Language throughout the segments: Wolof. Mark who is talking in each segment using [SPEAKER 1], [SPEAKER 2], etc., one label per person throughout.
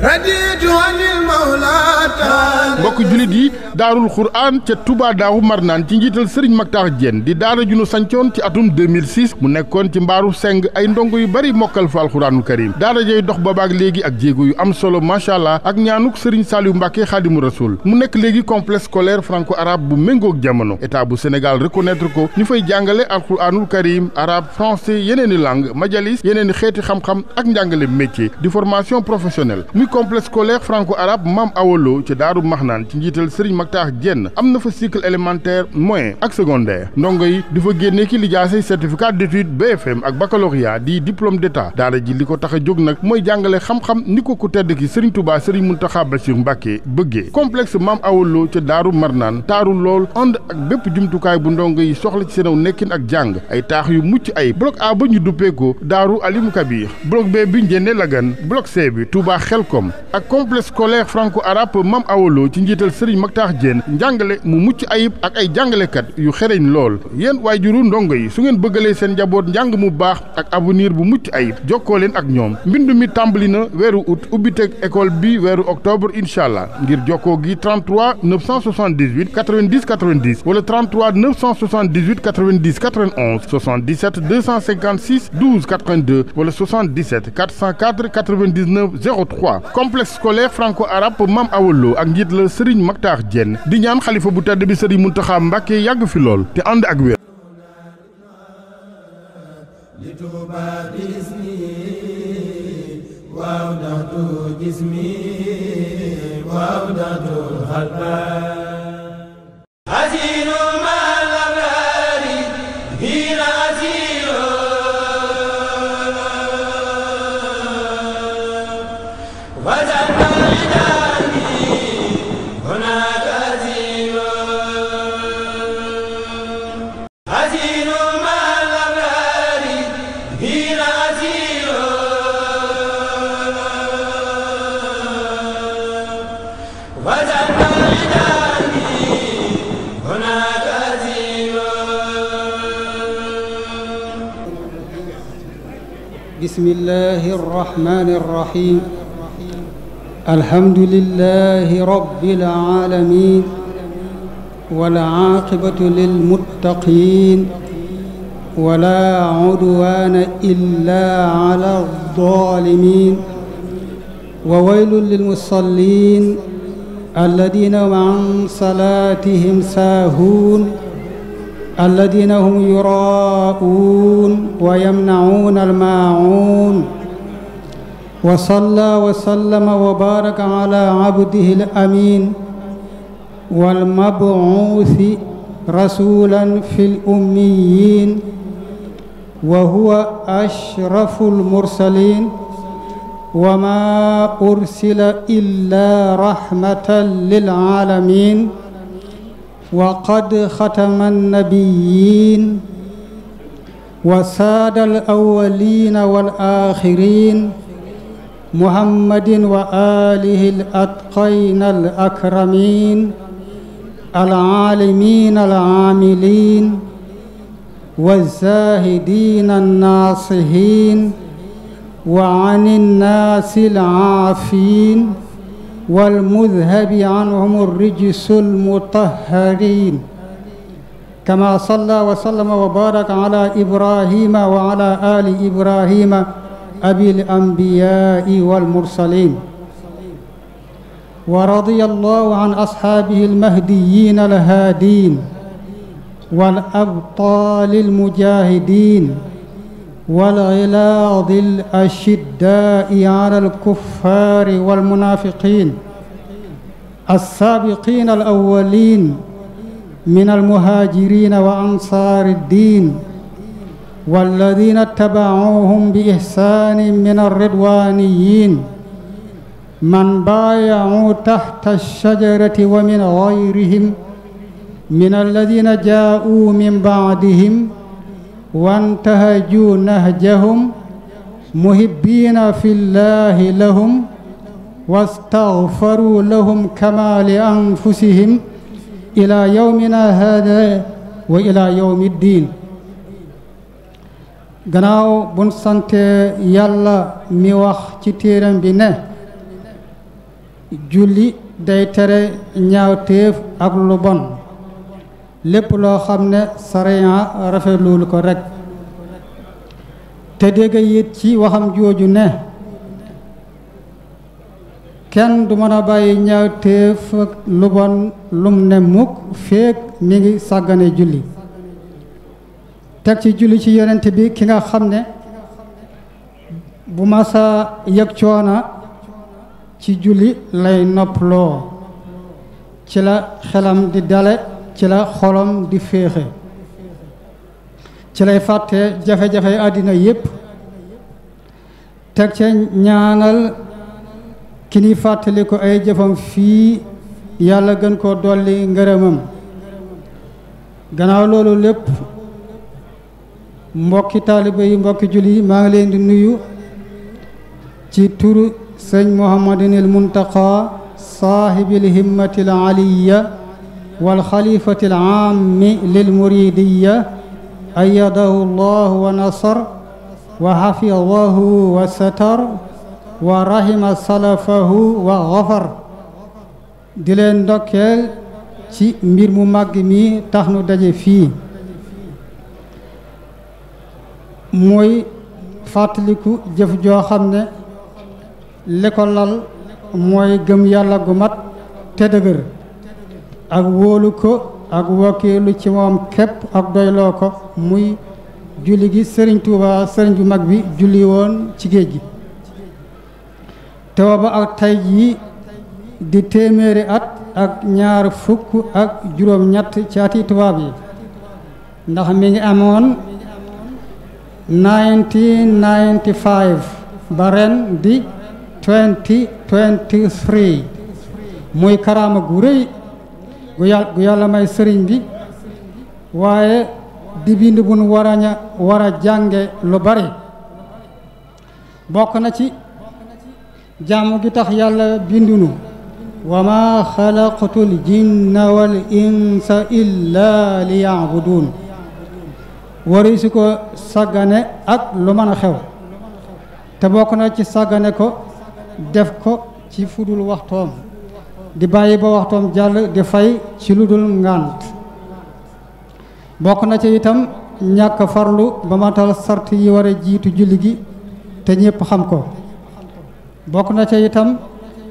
[SPEAKER 1] raditu mbokk julit yi daarul xuraan ca Touba Daaru Marnaan ci njiital Serigne Mactar Diène di daara ju nu sancoon ci atum 2006 mu nekkoon ci mbaaru seng ay ndongo yu bari mokkal fa alxuraanul karim daara jay dox boobaak léegi ak jéego yu am solo macha allah ak ñaanuk Serigne Saliou Mbacke xaadimu rasul mu nekk léegi complexe scolaire franco arabe bu méngoog jamono état bu Sénégal reconnaître ko ñu fay jàngale alxuraanul karim arabe français yeneeni langue majalis yeneeni xeeti xam-xam ak njàngale métier di formation professionnelle muy complexe scolaire franco arabe Mam Awolo ca Daaru Marnaan ci njiital Serigne Makhtar Diène am na fa cycle élémentaire moyen ak secondaire ndongo yi di fa génne ki lijaasay certificat d'étude BFM ak baccalauréat di diplôme d'état daara ji li ko tax a jóg nag mooy jàngale xam-xam ni ko ku tedd ki Serigne Touba Serigne Mountakha Bassirou Mbacké bëggee complexe Mame Awa Lo ca Daaru Marnaan taaru lool ànd ak bépp jumtukaay bu ndongo yi soxla ci seenaw nekkin ak jàng ay taax yu mucc ay bloc A ñu duppee ko Daaru Alimu Kabir bloc B bi njéene Lagan bloc bi Touba Xelkom ak complexe scolaire franco ci njiit njiital sëriñ Makhtar Diène njàngale mu mucc ayib ak ay jàngalekat yu xereñ lool yéen waajuru ndongo yi su ngeen bëggalee seen njaboot njàng mu baax ak avenir bu mucc ayib jokkoo leen ak ñoom mbind mi tàmbali na weeru août ubbiteeg école bi weeru octobre incha ngir jokkoo gi 33 978 90 90 wala 33 978 90 91 77 256 12 82 wala 77 404 99 03 complexe scolaire franco arabe Mam Awolo ak njiit la Serigne Makhtar Diène di ñaan xalifa bu tedd bi Serigne Mountakha Mbacké yàgg fi lool te ànd ak wér. waaw
[SPEAKER 2] بسم الله الرحمن الرحيم الحمد لله رب العالمين والعاقبة للمتقين ولا عدوان إلا على الظالمين وويل للمصلين الذين عن صلاتهم ساهون الذين هم يراءون ويمنعون الماعون وصلى وسلم وبارك على عبده الأمين والمبعوث رسولا في الأميين وهو أشرف المرسلين وما أرسل إلا رحمة للعالمين وقد ختم النبيين وساد الأولين والآخرين محمد وآله الأتقين الأكرمين العالمين العاملين والزاهدين الناصحين وعن الناس العافين والمذهب عنهم الرجس المطهرين كما صلى وسلم وبارك على إبراهيم وعلى آل إبراهيم أبي الأنبياء والمرسلين ورضي الله عن أصحابه المهديين الهادين والأبطال المجاهدين والغلاظ الأشداء على الكفار والمنافقين السابقين الأولين من المهاجرين وأنصار الدين والذين اتبعوهم بإحسان من الرضوانيين من بايعوا تحت الشجرة ومن غيرهم من الذين جاءوا من بعدهم وانتهجوا نهجهم محبين في الله لهم واستغفروا لهم كما لأنفسهم إلى يومنا هذا وإلى يوم الدين gannaaw buñ sant yàlla mi wax ci téeram bi ne julli day tere ñaawteef ak lu bon lépp loo xam ne sariya rafetluwul ko rekk te dégg it ci waxam jooju ne kenn du mën a bàyyi ñaawteef lu lum ne mukk féeg mi ngi sàggane julli teg ci julli ci yonent bi ki nga xam ne bu masa yëg coona ci julli lay noppaloo ci la xelam di dale ci la xolam di féexe ci lay fàtte jafe-jafe àddina yépp teg ca ñaanal ki ni fàttali ko ay jëfam fii yàlla gën koo dolli ngërëmam gannaaw loolu lépp mbokki taalibe yi mbokki julli yi maa ngi leen di nuyu ci turu sëñ Muhammadinil Muntaqa saahibil himmatil aliya والخليفة العام للمريدية أيده الله ونصر وحفظه وستر ورحم سلفه وغفر di leen ndokkeel ci mbir mu màgg mi tax nu daje fii muy fàttaliku jëf joo xam ne li mooy gëm yàlla gu mat te dëgër ak wóolu ko ak wakkiilu ci moom képp ak doyloo ko muy julli gi sëriñ Tuuba sëriñ bu mag bi julli woon ci géej gi tooba ak tey jii di téeméeri at ak ñaar fukk ak juróom ñett ci tubaab yi ndax mi ngi amoon 1995 ba ren di 2023 muy karaama gu rëy gu yàlla may sëriñ bi waaye di bind bu a ña jànge lu bari bokk na ci jàmm gi tax yàlla bindunu wa ma xalaqtul jinna wal insa illa li yaabuduun wari su ko sàggane ak lu mën a xew te bokk na ci saggane ko def ko ci fudul waxtoom di bàyyi ba waxtoom jàll di fay ci ludul dul bokk na ci itam ñàkk farlu ba matal sart yi war jiitu julli gi te ñépp xam ko bokk na ci itam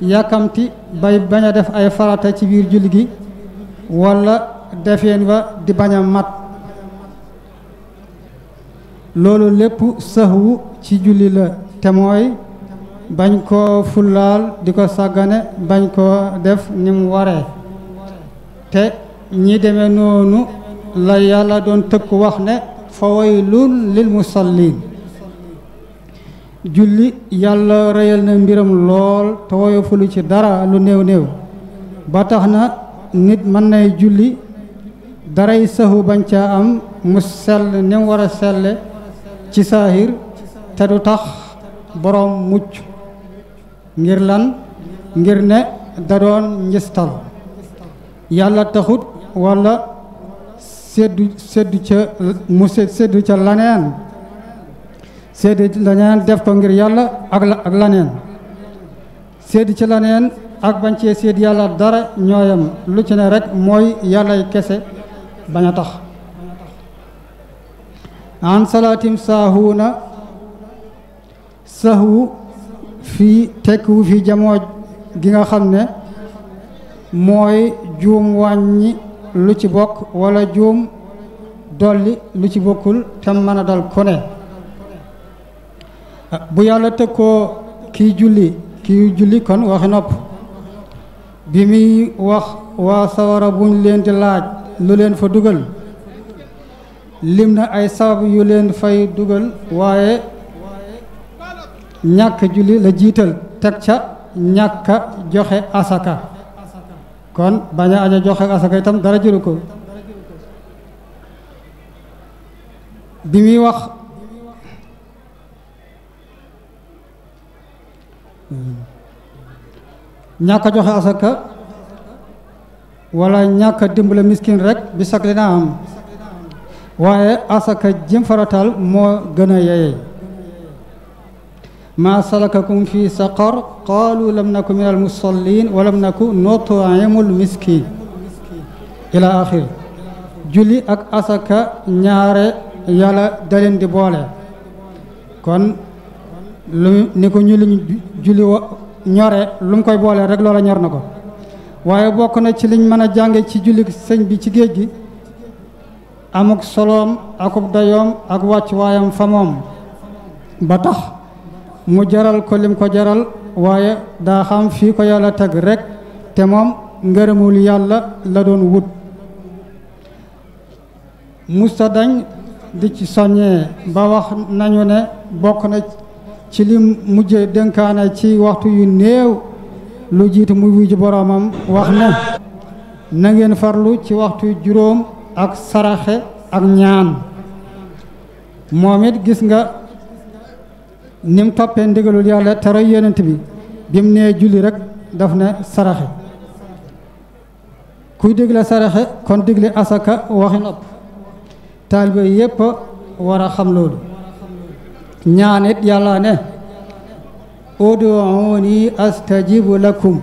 [SPEAKER 2] yàkkamti bay bañ def ay farata ci biir julli gi walla defeen wa di baña a mat loolu lépp sëxwu ci julli la te bañ koo fullaal di ko sàggane bañ koo def ni mu waree te ñii demee noonu la yàlla doon tëkk wax ne fa waylun lil musallin julli yàlla rëyal na mbiram lool te woyofalu ci dara lu néew néew ba tax na nit mën nay julli daray saxu bañ caa am mu sell ni mu war a selle ci saahir te du tax boroom mucc ngir lan ngir ne da doon njistal yàlla taxut wala seddu seddu ca mu seddu ca laneen seddu laneen def ko ngir yàlla ak ak laneen seddu ci laneen ak bañ cee seed yàlla dara ñooyam lu ci ne rek mooy yàllay kese bañ a fii tekkiwu fi jamooj gi nga xam ne mooy juum wàññi lu ci bokk wala juum dolli lu ci bokkul te mën a dal ku bu yàlla teg koo kii julli kii julli kon waxi nopp bi muy wax waa sawara buñ leen di laaj lu leen fa dugal lim na ay sabab yu leen fay dugal waaye ñàkk julli la jiital teg ca ñàkk joxe asaka kon bañ a aja joxe asaka itam dara jëru ko bi muy wax ñàkk a joxe asaka wala ñàkk a dimbale miskin rek bi sakli naa am waaye asaka jëm faratal moo gën a yeyey ما سلككم في سقر قالوا لم نكن من المصلين ولم نكن نطعم المسكين إلى آخر julli ak asaka ñaare yàlla da leen di boole kon lu ni ko ñu liñ julli ñore lu koy boole rek loola ñor na ko waaye bokk na ci liñ mën a jànge ci julli sëñ bi ci géej gi amuk soloom akub dayoom ak wàcc waayam fa ba tax mu jaral ko lim ko jaral waaye daa xam fii ko yàlla teg rekk te moom ngërëmul yàlla la doon wut mussa dañ di ci soññee ba wax nañu ne bokk na ci li mujje dénkaane ci waxtu yu néew lu jiitu mu wuju boroomam wax na ngeen farlu ci waxtu juróom ak saraxe ak ñaan moom gis nga ni mu toppee ndigalul yàlla tere yonent bi bi mu nee julli rek daf ne saraxe kuy digle saraxe kon digle asaka waxi nopp taalibe yépp war xam loolu ñaan it yàlla ne ud'uuni astajibu lakum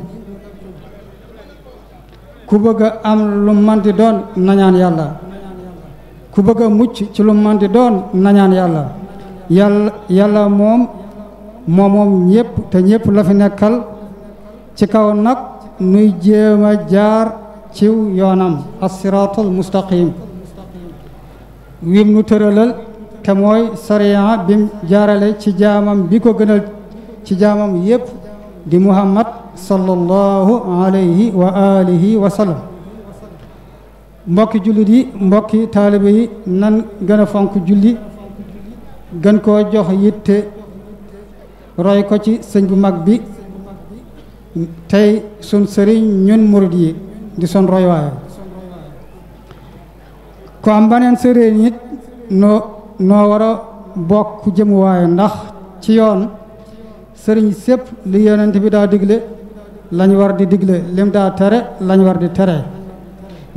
[SPEAKER 2] ku bëgg a am lu man di doon nañaan yàlla ku bëgga mucc ci lu man di doon nañaan yàlla yàlla yàlla moom moo moom ñëpp te ñëpp la fi nekkal ci kaw nag nuy jéema jaar ciw yoonam assiraatul mustaqim wim nu tëralal te mooy sariya bi jaarale ci jaamam bi ko gënal ci jaamam yépp di muhammad sallallahu alayhi wa alihi wa sallam mbokki jullit yi mbokki taalibe yi nan gën a fonk julli gën koo jox yitte roy ko ci sëñ bu mag bi tey sun sëriñ ñun murid yi di sun roy waaye ko am baneen sëriñ it noo noo war a bokk jëmuwaay ndax ci yoon sëriñ sépp li yonent bi daa digle lañ war di digle lim daa tere lañ war di tere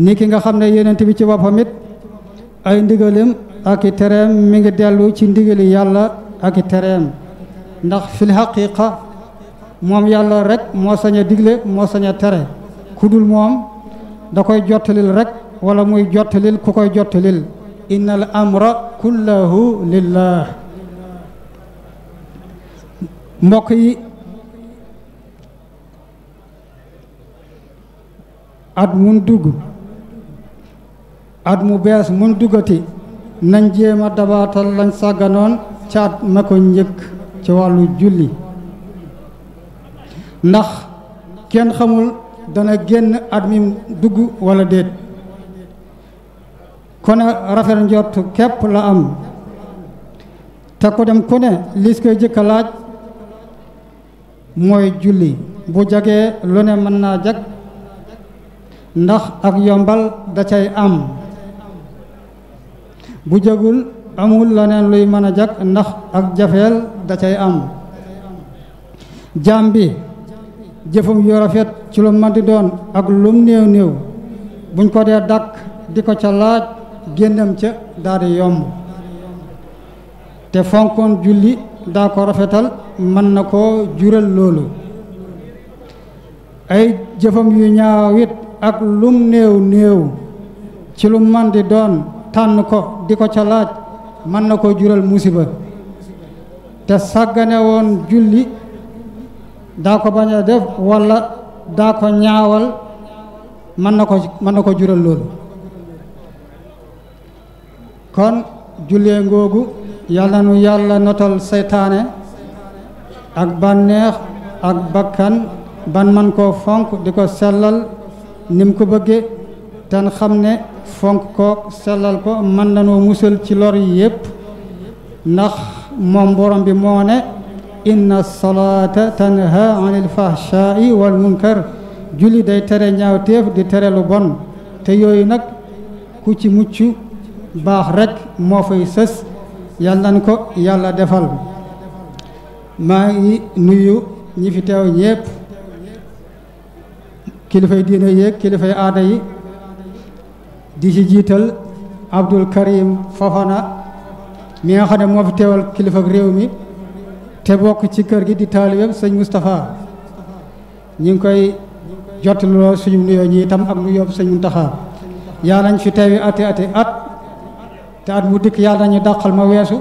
[SPEAKER 2] ni ki nga xam ne yonent bi ci boppam it ay ndigalim ak i tereem mi ngi dellu ci ndigali yàlla ak i tereem ndax fil haqiqa moom yàlla rek moo sañ a moo saña tere ku moom da koy jottalil rek wala muy jottalil ku koy jottalil inna al amra kullahu lillah mbokk yi at mun dugg at mu bees mun duggati nañ jéema a dabaatal lañ sàgganoon caat na ko njëkk ci wàllu julli ndax kenn xamul dana génn at mi dugg walla déet ku ne rafet njort képp la am te ku dem ku ne liis koy jëkk laaj mooy julli bu jagee lu ne mën naa jag ndax ak yombal da cay am bu jagul amul leneen luy mën a jag ndax ak jafeel da cay am jaam bi jëfum yu rafet ci lu man di doon ak lum néew néew buñ ko dee dàkk di ko ca laaj génnam ca daldi yomb te fonkoon julli daa ko rafetal mën na ko jural loolu ay jëfam yu ñaawit ak lum néew néew ci lu man di doon tànn ko di ko ca laaj mën na ko jural musiba te sàggane woon julli daa ko bañ a def walla daa ko ñaawal mën na ko mën na ko jural loolu kon jullee ngoogu yàlla nu yàlla notol seytaane ak bànneex ak bakkan ban man koo fonk di ko sellal nim ko bëgge ten xam ne fonk ko sellal ko mën nanoo musal ci lor yi yépp ndax moom borom bi moo ne inna salaata tanha anil fahshaa'i wal munkar julli day tere ñaaw di terelu lu bon te yooyu nag ku ci mucc baax rekk moo fay sës yàlla nan ko yàlla defal maa ngi nuyu ñi fi teew ñépp kilifay diine yéeg kilifay aada yi di ci jiital Abdul Karim Fofana mi nga xam ne moo fi teewal kilifa réew mi te bokk ci kër gi di taalibeem sëñ Moustapha ñu ngi koy jottaloo suñu nuyoo ñi itam ak nuyoo sëñ Mountakha yaa nañ fi teewi ati ati at te at mu dikk yàlla nañu dàqal ma weesu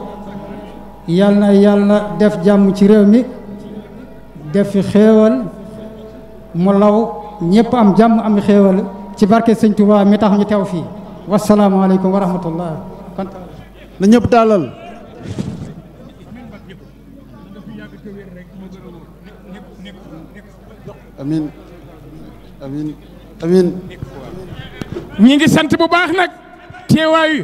[SPEAKER 2] yàlla na yàlla def jàmm ci réew mi def fi xéewal mu law ñëpp am jàmm am xéewal ci barke sëñ Touba mi tax ñu teew fii wasalaamualeykum wa rahmatullah kontaan na ñëpp tàllal amin ñi ngi sant bu baax
[SPEAKER 1] nag teewaayu